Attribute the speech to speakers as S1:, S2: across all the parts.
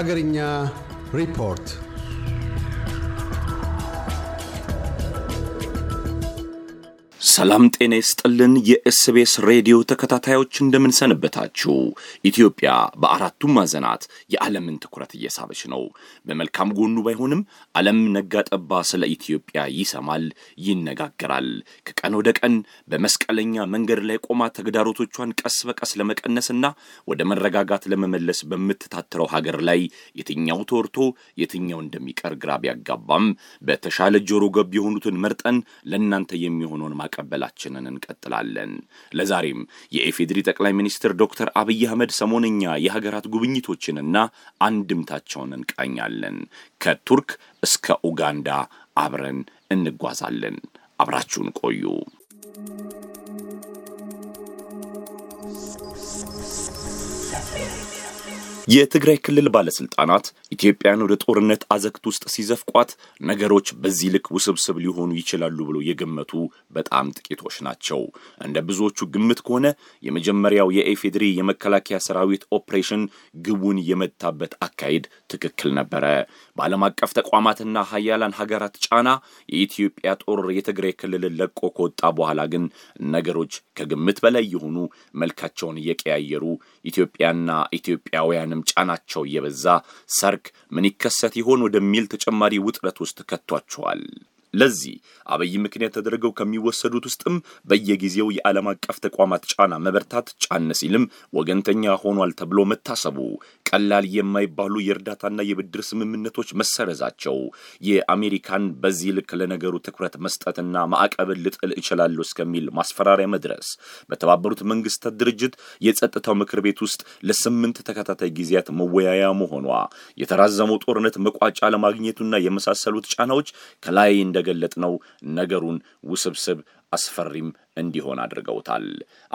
S1: Hagarinya Report ሰላም ጤና ይስጥልን። የኤስቤስ ሬዲዮ ተከታታዮች እንደምንሰንበታችሁ። ኢትዮጵያ በአራቱም ማዕዘናት የዓለምን ትኩረት እየሳበች ነው። በመልካም ጎኑ ባይሆንም ዓለም ነጋጠባ ስለ ኢትዮጵያ ይሰማል፣ ይነጋገራል። ከቀን ወደ ቀን በመስቀለኛ መንገድ ላይ ቆማ ተግዳሮቶቿን ቀስ በቀስ ለመቀነስና ወደ መረጋጋት ለመመለስ በምትታትረው ሀገር ላይ የትኛው ተወርቶ የትኛው እንደሚቀር ግራ ቢያጋባም በተሻለ ጆሮ ገብ የሆኑትን መርጠን ለእናንተ የሚሆነውን ማቀብ መቀበላችንን እንቀጥላለን። ለዛሬም የኢፌዴሪ ጠቅላይ ሚኒስትር ዶክተር አብይ አህመድ ሰሞነኛ የሀገራት ጉብኝቶችንና አንድምታቸውን እንቃኛለን። ከቱርክ እስከ ኡጋንዳ አብረን እንጓዛለን። አብራችሁን ቆዩ። የትግራይ ክልል ባለስልጣናት ኢትዮጵያን ወደ ጦርነት አዘቅት ውስጥ ሲዘፍቋት ነገሮች በዚህ ልክ ውስብስብ ሊሆኑ ይችላሉ ብሎ የገመቱ በጣም ጥቂቶች ናቸው። እንደ ብዙዎቹ ግምት ከሆነ የመጀመሪያው የኤፌድሪ የመከላከያ ሰራዊት ኦፕሬሽን ግቡን የመታበት አካሄድ ትክክል ነበረ። በዓለም አቀፍ ተቋማትና ሀያላን ሀገራት ጫና የኢትዮጵያ ጦር የትግራይ ክልልን ለቆ ከወጣ በኋላ ግን ነገሮች ከግምት በላይ የሆኑ መልካቸውን እየቀያየሩ ኢትዮጵያና ኢትዮጵያውያንም ጫናቸው እየበዛ ሰር ፓርክ ምን ይከሰት ይሆን ወደሚል ተጨማሪ ውጥረት ውስጥ ከቷቸዋል። ለዚህ አብይ ምክንያት ተደርገው ከሚወሰዱት ውስጥም በየጊዜው የዓለም አቀፍ ተቋማት ጫና መበርታት፣ ጫነ ሲልም ወገንተኛ ሆኗል ተብሎ መታሰቡ፣ ቀላል የማይባሉ የእርዳታና የብድር ስምምነቶች መሰረዛቸው፣ የአሜሪካን በዚህ ልክ ለነገሩ ትኩረት መስጠትና ማዕቀብን ልጥል እችላለሁ እስከሚል ማስፈራሪያ መድረስ፣ በተባበሩት መንግስታት ድርጅት የጸጥታው ምክር ቤት ውስጥ ለስምንት ተከታታይ ጊዜያት መወያያ መሆኗ፣ የተራዘመው ጦርነት መቋጫ ለማግኘቱና የመሳሰሉት ጫናዎች ከላይ እንደ እንደገለጥነው ነገሩን ውስብስብ አስፈሪም እንዲሆን አድርገውታል።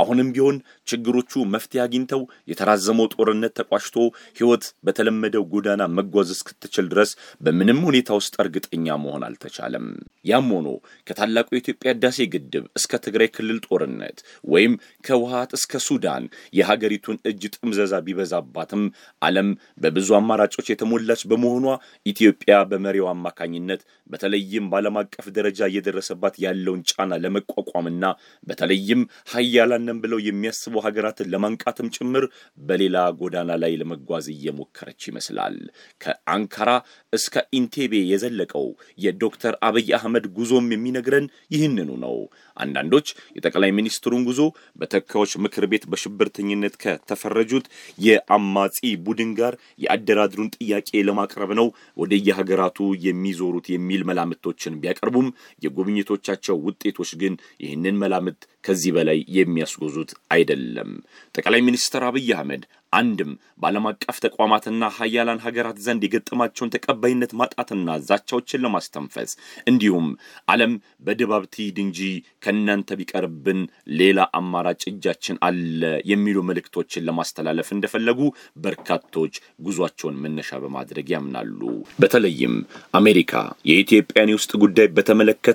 S1: አሁንም ቢሆን ችግሮቹ መፍትሄ አግኝተው የተራዘመው ጦርነት ተቋጭቶ ሕይወት በተለመደው ጎዳና መጓዝ እስክትችል ድረስ በምንም ሁኔታ ውስጥ እርግጠኛ መሆን አልተቻለም። ያም ሆኖ ከታላቁ የኢትዮጵያ ዳሴ ግድብ እስከ ትግራይ ክልል ጦርነት ወይም ከውሃት እስከ ሱዳን የሀገሪቱን እጅ ጥምዘዛ ቢበዛባትም ዓለም በብዙ አማራጮች የተሞላች በመሆኗ ኢትዮጵያ በመሪው አማካኝነት በተለይም በዓለም አቀፍ ደረጃ እየደረሰባት ያለውን ጫና ለመቋቋምና በተለይም ሀያላን ብለው የሚያስቡ ሀገራትን ለማንቃትም ጭምር በሌላ ጎዳና ላይ ለመጓዝ እየሞከረች ይመስላል። ከአንካራ እስከ ኢንቴቤ የዘለቀው የዶክተር አብይ አህመድ ጉዞም የሚነግረን ይህንኑ ነው። አንዳንዶች የጠቅላይ ሚኒስትሩን ጉዞ በተወካዮች ምክር ቤት በሽብርተኝነት ከተፈረጁት የአማጺ ቡድን ጋር የአደራድሩን ጥያቄ ለማቅረብ ነው ወደ የሀገራቱ የሚዞሩት የሚል መላምቶችን ቢያቀርቡም የጉብኝቶቻቸው ውጤቶች ግን ይህንን መላምት ከዚህ በላይ የሚያስጎዙት አይደለም። ጠቅላይ ሚኒስትር አብይ አህመድ አንድም በዓለም አቀፍ ተቋማትና ሀያላን ሀገራት ዘንድ የገጠማቸውን ተቀባይነት ማጣትና ዛቻዎችን ለማስተንፈስ እንዲሁም ዓለም በድባብ ትሂድ እንጂ ከእናንተ ቢቀርብን ሌላ አማራጭ እጃችን አለ የሚሉ መልእክቶችን ለማስተላለፍ እንደፈለጉ በርካቶች ጉዟቸውን መነሻ በማድረግ ያምናሉ። በተለይም አሜሪካ የኢትዮጵያን የውስጥ ጉዳይ በተመለከተ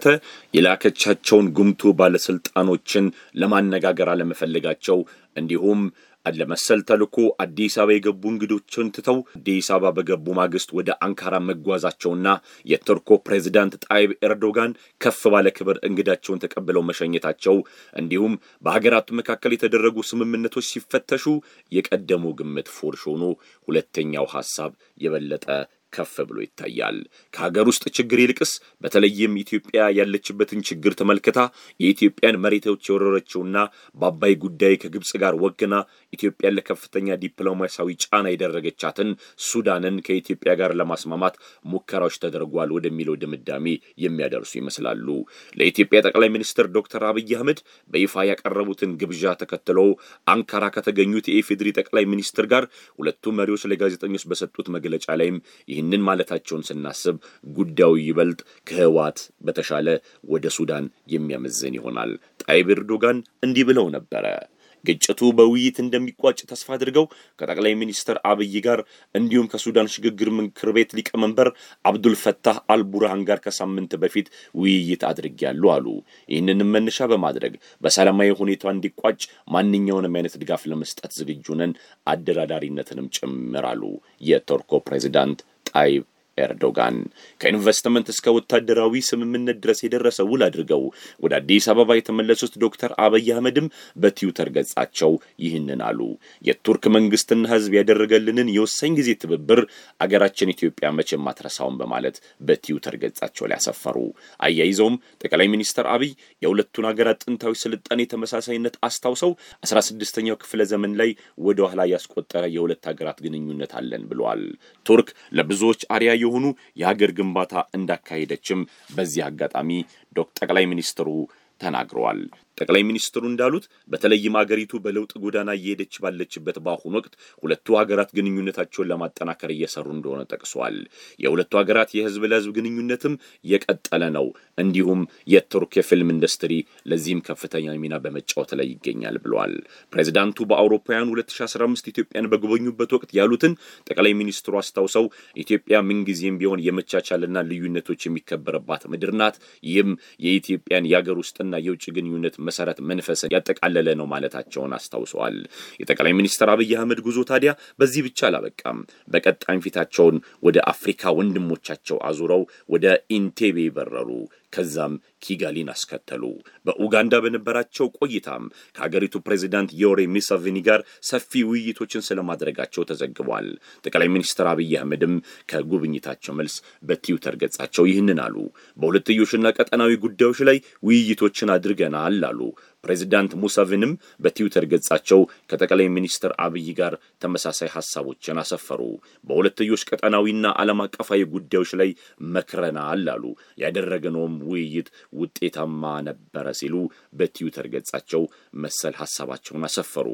S1: የላከቻቸውን ጉምቱ ባለስልጣኖችን ለማነጋገር አለመፈለጋቸው እንዲሁም ለመሰል ተልኮ አዲስ አበባ የገቡ እንግዶችን ትተው አዲስ አበባ በገቡ ማግስት ወደ አንካራ መጓዛቸውና የቱርኮ ፕሬዚዳንት ጣይብ ኤርዶጋን ከፍ ባለ ክብር እንግዳቸውን ተቀብለው መሸኘታቸው እንዲሁም በሀገራቱ መካከል የተደረጉ ስምምነቶች ሲፈተሹ የቀደመው ግምት ፎርሽ ሆኖ ሁለተኛው ሀሳብ የበለጠ ከፍ ብሎ ይታያል። ከሀገር ውስጥ ችግር ይልቅስ በተለይም ኢትዮጵያ ያለችበትን ችግር ተመልክታ የኢትዮጵያን መሬቶች የወረረችውና በአባይ ጉዳይ ከግብፅ ጋር ወግና ኢትዮጵያን ለከፍተኛ ዲፕሎማሲያዊ ጫና የደረገቻትን ሱዳንን ከኢትዮጵያ ጋር ለማስማማት ሙከራዎች ተደርጓል ወደሚለው ድምዳሜ የሚያደርሱ ይመስላሉ። ለኢትዮጵያ ጠቅላይ ሚኒስትር ዶክተር አብይ አህመድ በይፋ ያቀረቡትን ግብዣ ተከትሎ አንካራ ከተገኙት የኢፌዴሪ ጠቅላይ ሚኒስትር ጋር ሁለቱ መሪዎች ለጋዜጠኞች በሰጡት መግለጫ ላይም ይህን ይህንን ማለታቸውን ስናስብ ጉዳዩ ይበልጥ ከህዋት በተሻለ ወደ ሱዳን የሚያመዝን ይሆናል። ጣይብ ኤርዶጋን እንዲህ ብለው ነበረ። ግጭቱ በውይይት እንደሚቋጭ ተስፋ አድርገው ከጠቅላይ ሚኒስትር አብይ ጋር እንዲሁም ከሱዳን ሽግግር ምክር ቤት ሊቀመንበር አብዱልፈታህ አልቡርሃን ጋር ከሳምንት በፊት ውይይት አድርጌያለሁ አሉ። ይህንንም መነሻ በማድረግ በሰላማዊ ሁኔታ እንዲቋጭ ማንኛውንም አይነት ድጋፍ ለመስጠት ዝግጁ ነን፣ አደራዳሪነትንም ጭምር አሉ ፕሬዚዳንት I ኤርዶጋን ከኢንቨስትመንት እስከ ወታደራዊ ስምምነት ድረስ የደረሰ ውል አድርገው ወደ አዲስ አበባ የተመለሱት ዶክተር አብይ አህመድም በትዊተር ገጻቸው ይህንን አሉ። የቱርክ መንግስትና ህዝብ ያደረገልንን የወሳኝ ጊዜ ትብብር አገራችን ኢትዮጵያ መቼም ማትረሳውን በማለት በትዊተር ገጻቸው ላይ አሰፈሩ። አያይዘውም ጠቅላይ ሚኒስትር አብይ የሁለቱን ሀገራት ጥንታዊ ስልጣኔ ተመሳሳይነት አስታውሰው 16ኛው ክፍለ ዘመን ላይ ወደ ኋላ ያስቆጠረ የሁለት ሀገራት ግንኙነት አለን ብለዋል። ቱርክ ለብዙዎች አርያ የሆኑ የሀገር ግንባታ እንዳካሄደችም በዚህ አጋጣሚ ጠቅላይ ሚኒስትሩ ተናግረዋል። ጠቅላይ ሚኒስትሩ እንዳሉት በተለይም አገሪቱ በለውጥ ጎዳና እየሄደች ባለችበት በአሁኑ ወቅት ሁለቱ ሀገራት ግንኙነታቸውን ለማጠናከር እየሰሩ እንደሆነ ጠቅሰዋል። የሁለቱ ሀገራት የህዝብ ለህዝብ ግንኙነትም የቀጠለ ነው። እንዲሁም የቱርክ የፊልም ኢንዱስትሪ ለዚህም ከፍተኛ ሚና በመጫወት ላይ ይገኛል ብለዋል። ፕሬዚዳንቱ በአውሮፓውያኑ 2015 ኢትዮጵያን በጎበኙበት ወቅት ያሉትን ጠቅላይ ሚኒስትሩ አስታውሰው ኢትዮጵያ ምንጊዜም ቢሆን የመቻቻልና ልዩነቶች የሚከበርባት ምድር ናት። ይህም የኢትዮጵያን የአገር ውስጥና የውጭ ግንኙነት መሰረት መንፈስን ያጠቃለለ ነው ማለታቸውን አስታውሰዋል። የጠቅላይ ሚኒስትር አብይ አህመድ ጉዞ ታዲያ በዚህ ብቻ አላበቃም። በቀጣይም ፊታቸውን ወደ አፍሪካ ወንድሞቻቸው አዙረው ወደ ኢንቴቤ በረሩ። ከዛም ኪጋሊን አስከተሉ። በኡጋንዳ በነበራቸው ቆይታም ከሀገሪቱ ፕሬዚዳንት ዮሬ ሙሴቬኒ ጋር ሰፊ ውይይቶችን ስለማድረጋቸው ተዘግቧል። ጠቅላይ ሚኒስትር አብይ አህመድም ከጉብኝታቸው መልስ በትዊተር ገጻቸው ይህንን አሉ። በሁለትዮሽና ቀጠናዊ ጉዳዮች ላይ ውይይቶችን አድርገናል አሉ። ፕሬዚዳንት ሙሰቪንም በትዊተር ገጻቸው ከጠቅላይ ሚኒስትር አብይ ጋር ተመሳሳይ ሀሳቦችን አሰፈሩ። በሁለትዮሽ ቀጠናዊና ዓለም አቀፋዊ ጉዳዮች ላይ መክረናል አሉ። ያደረግነውም ውይይት ውጤታማ ነበረ ሲሉ በትዊተር ገጻቸው መሰል ሀሳባቸውን አሰፈሩ።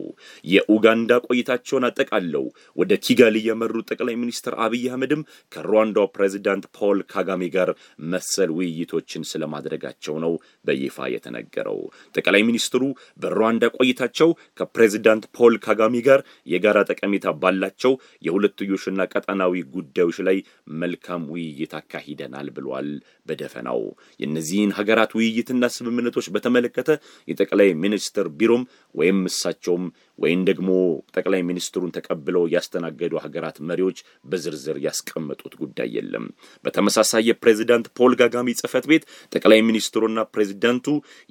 S1: የኡጋንዳ ቆይታቸውን አጠቃለው ወደ ኪጋሊ የመሩ ጠቅላይ ሚኒስትር አብይ አህመድም ከሩዋንዳው ፕሬዚዳንት ፖል ካጋሜ ጋር መሰል ውይይቶችን ስለማድረጋቸው ነው በይፋ የተነገረው። ጠቅላይ ሚኒስ ሚኒስትሩ በሩዋንዳ ቆይታቸው ከፕሬዚዳንት ፖል ካጋሚ ጋር የጋራ ጠቀሜታ ባላቸው የሁለትዮሽና ቀጠናዊ ጉዳዮች ላይ መልካም ውይይት አካሂደናል ብሏል። በደፈናው የእነዚህን ሀገራት ውይይትና ስምምነቶች በተመለከተ የጠቅላይ ሚኒስትር ቢሮም ወይም እሳቸውም ወይም ደግሞ ጠቅላይ ሚኒስትሩን ተቀብለው ያስተናገዱ ሀገራት መሪዎች በዝርዝር ያስቀመጡት ጉዳይ የለም። በተመሳሳይ የፕሬዚዳንት ፖል ጋጋሚ ጽህፈት ቤት ጠቅላይ ሚኒስትሩና ፕሬዚዳንቱ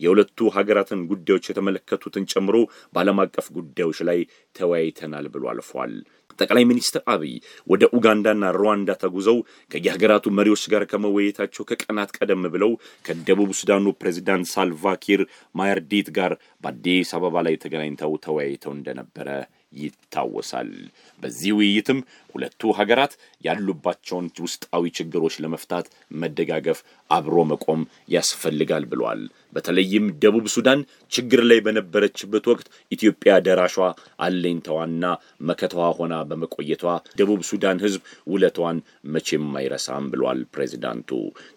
S1: የሁለቱ ሀገራትን ጉዳዮች የተመለከቱትን ጨምሮ በዓለም አቀፍ ጉዳዮች ላይ ተወያይተናል ብሎ አልፏል። ጠቅላይ ሚኒስትር አብይ ወደ ኡጋንዳና ሩዋንዳ ተጉዘው ከየሀገራቱ መሪዎች ጋር ከመወየታቸው ከቀናት ቀደም ብለው ከደቡብ ሱዳኑ ፕሬዚዳንት ሳልቫኪር ማያርዲት ጋር በአዲስ አበባ ላይ ተገናኝተው ተወያይተው እንደነበረ ይታወሳል። በዚህ ውይይትም ሁለቱ ሀገራት ያሉባቸውን ውስጣዊ ችግሮች ለመፍታት መደጋገፍ፣ አብሮ መቆም ያስፈልጋል ብለዋል። በተለይም ደቡብ ሱዳን ችግር ላይ በነበረችበት ወቅት ኢትዮጵያ ደራሿ አለኝተዋና መከተዋ ሆና በመቆየቷ ደቡብ ሱዳን ሕዝብ ውለቷን መቼም አይረሳም ብሏል ፕሬዚዳንቱ።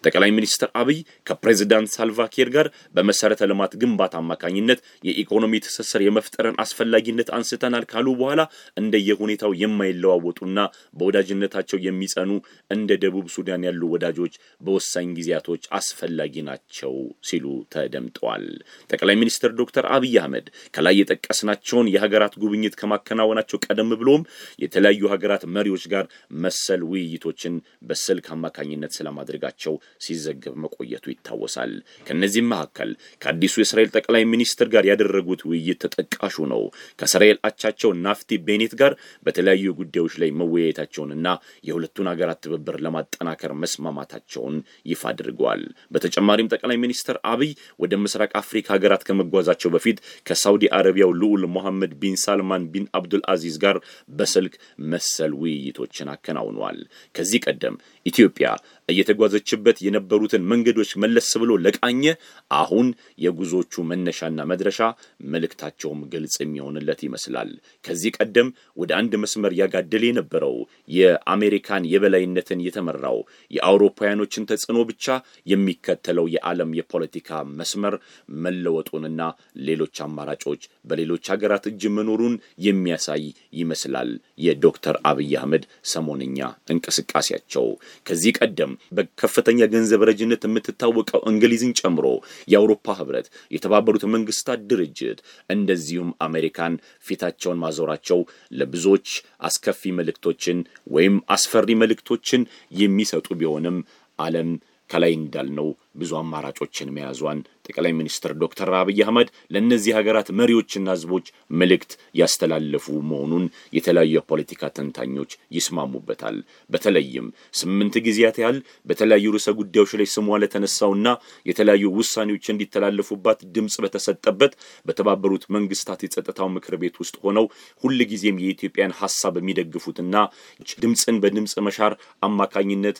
S1: ጠቅላይ ሚኒስትር አብይ ከፕሬዚዳንት ሳልቫኪር ጋር በመሰረተ ልማት ግንባታ አማካኝነት የኢኮኖሚ ትስስር የመፍጠርን አስፈላጊነት አንስተናል ካሉ በኋላ እንደየሁኔታው የማይለዋወጡና በወዳጅነታቸው የሚጸኑ እንደ ደቡብ ሱዳን ያሉ ወዳጆች በወሳኝ ጊዜያቶች አስፈላጊ ናቸው ሲሉ ተደምጠዋል። ጠቅላይ ሚኒስትር ዶክተር አብይ አህመድ ከላይ የጠቀስናቸውን የሀገራት ጉብኝት ከማከናወናቸው ቀደም ብሎም የተለያዩ ሀገራት መሪዎች ጋር መሰል ውይይቶችን በስልክ አማካኝነት ስለማድረጋቸው ሲዘገብ መቆየቱ ይታወሳል። ከእነዚህም መካከል ከአዲሱ የእስራኤል ጠቅላይ ሚኒስትር ጋር ያደረጉት ውይይት ተጠቃሹ ነው። ከእስራኤል አቻቸው ናፍቲ ቤኔት ጋር በተለያዩ ጉዳዮች ላይ መወ መወያየታቸውንና የሁለቱን ሀገራት ትብብር ለማጠናከር መስማማታቸውን ይፋ አድርገዋል። በተጨማሪም ጠቅላይ ሚኒስትር አብይ ወደ ምስራቅ አፍሪካ ሀገራት ከመጓዛቸው በፊት ከሳውዲ አረቢያው ልዑል ሞሐመድ ቢን ሳልማን ቢን አብዱል አዚዝ ጋር በስልክ መሰል ውይይቶችን አከናውኗል። ከዚህ ቀደም ኢትዮጵያ እየተጓዘችበት የነበሩትን መንገዶች መለስ ብሎ ለቃኘ አሁን የጉዞቹ መነሻና መድረሻ መልእክታቸውም ግልጽ የሚሆንለት ይመስላል። ከዚህ ቀደም ወደ አንድ መስመር ያጋደለ የነበረው የነበረው የአሜሪካን የበላይነትን የተመራው የአውሮፓውያኖችን ተጽዕኖ ብቻ የሚከተለው የዓለም የፖለቲካ መስመር መለወጡንና ሌሎች አማራጮች በሌሎች ሀገራት እጅ መኖሩን የሚያሳይ ይመስላል የዶክተር አብይ አህመድ ሰሞንኛ እንቅስቃሴያቸው። ከዚህ ቀደም በከፍተኛ ገንዘብ ረጅነት የምትታወቀው እንግሊዝን ጨምሮ የአውሮፓ ህብረት፣ የተባበሩት መንግስታት ድርጅት እንደዚሁም አሜሪካን ፊታቸውን ማዞራቸው ለብዙዎች አስከፊ መልእክቶች መልእክቶችን ወይም አስፈሪ መልእክቶችን የሚሰጡ ቢሆንም ዓለም ከላይ እንዳልነው ብዙ አማራጮችን መያዟን ጠቅላይ ሚኒስትር ዶክተር አብይ አህመድ ለእነዚህ ሀገራት መሪዎችና ህዝቦች መልእክት ያስተላለፉ መሆኑን የተለያዩ የፖለቲካ ተንታኞች ይስማሙበታል። በተለይም ስምንት ጊዜያት ያህል በተለያዩ ርዕሰ ጉዳዮች ላይ ስሟ ለተነሳውና የተለያዩ ውሳኔዎች እንዲተላለፉባት ድምፅ በተሰጠበት በተባበሩት መንግስታት የጸጥታው ምክር ቤት ውስጥ ሆነው ጊዜም የኢትዮጵያን ሀሳብ የሚደግፉትና ድምፅን በድምፅ መሻር አማካኝነት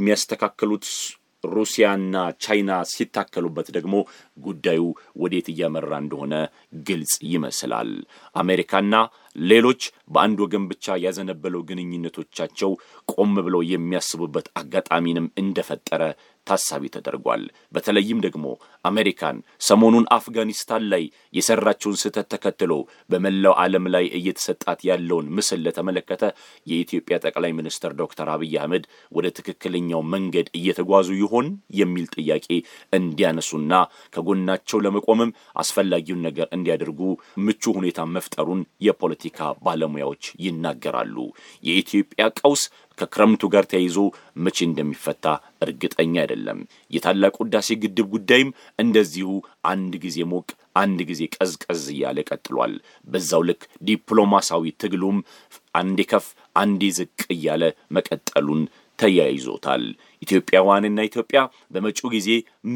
S1: የሚያስተካክሉት ሩሲያና ቻይና ሲታከሉበት ደግሞ ጉዳዩ ወዴት እያመራ እንደሆነ ግልጽ ይመስላል። አሜሪካና ሌሎች በአንድ ወገን ብቻ ያዘነበለው ግንኙነቶቻቸው ቆም ብለው የሚያስቡበት አጋጣሚንም እንደፈጠረ ታሳቢ ተደርጓል። በተለይም ደግሞ አሜሪካን ሰሞኑን አፍጋኒስታን ላይ የሰራችውን ስህተት ተከትሎ በመላው ዓለም ላይ እየተሰጣት ያለውን ምስል ለተመለከተ የኢትዮጵያ ጠቅላይ ሚኒስትር ዶክተር አብይ አህመድ ወደ ትክክለኛው መንገድ እየተጓዙ ይሆን የሚል ጥያቄ እንዲያነሱና ከጎናቸው ለመቆምም አስፈላጊውን ነገር እንዲያደርጉ ምቹ ሁኔታ መፍጠሩን የፖለቲካ ባለሙያዎች ይናገራሉ። የኢትዮጵያ ቀውስ ከክረምቱ ጋር ተያይዞ መቼ እንደሚፈታ እርግጠኛ አይደለም። የታላቁ ሕዳሴ ግድብ ጉዳይም እንደዚሁ አንድ ጊዜ ሞቅ አንድ ጊዜ ቀዝቀዝ እያለ ቀጥሏል። በዛው ልክ ዲፕሎማሲያዊ ትግሉም አንዴ ከፍ አንዴ ዝቅ እያለ መቀጠሉን ተያይዞታል። ኢትዮጵያውያንና ኢትዮጵያ በመጪው ጊዜ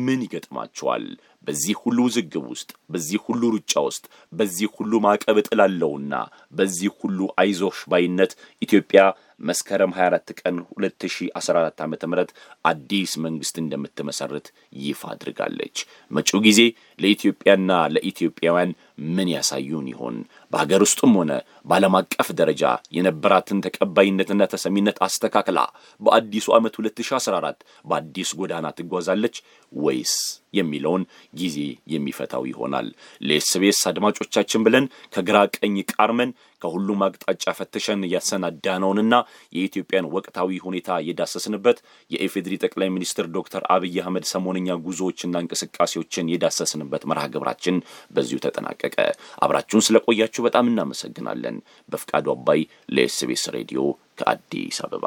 S1: ምን ይገጥማቸዋል? በዚህ ሁሉ ውዝግብ ውስጥ፣ በዚህ ሁሉ ሩጫ ውስጥ፣ በዚህ ሁሉ ማዕቀብ እጥላለውና በዚህ ሁሉ አይዞሽ ባይነት ኢትዮጵያ መስከረም 24 ቀን 2014 ም አዲስ መንግስት እንደምትመሰርት ይፋ አድርጋለች። መጪው ጊዜ ለኢትዮጵያና ለኢትዮጵያውያን ምን ያሳዩን ይሆን? በሀገር ውስጥም ሆነ በዓለም አቀፍ ደረጃ የነበራትን ተቀባይነትና ተሰሚነት አስተካክላ በአዲሱ ዓመት 2014 14 በአዲስ ጎዳና ትጓዛለች ወይስ የሚለውን ጊዜ የሚፈታው ይሆናል። ለኤስቤስ አድማጮቻችን ብለን ከግራ ቀኝ ቃርመን ከሁሉም አቅጣጫ ፈትሸን ያሰናዳነውንና የኢትዮጵያን ወቅታዊ ሁኔታ የዳሰስንበት የኢፌዴሪ ጠቅላይ ሚኒስትር ዶክተር አብይ አህመድ ሰሞንኛ ጉዞዎችና እንቅስቃሴዎችን የዳሰስንበት መርሃ ግብራችን በዚሁ ተጠናቀቀ። አብራችሁን ስለቆያችሁ በጣም እናመሰግናለን። በፍቃዱ አባይ ለኤስቤስ ሬዲዮ ከአዲስ አበባ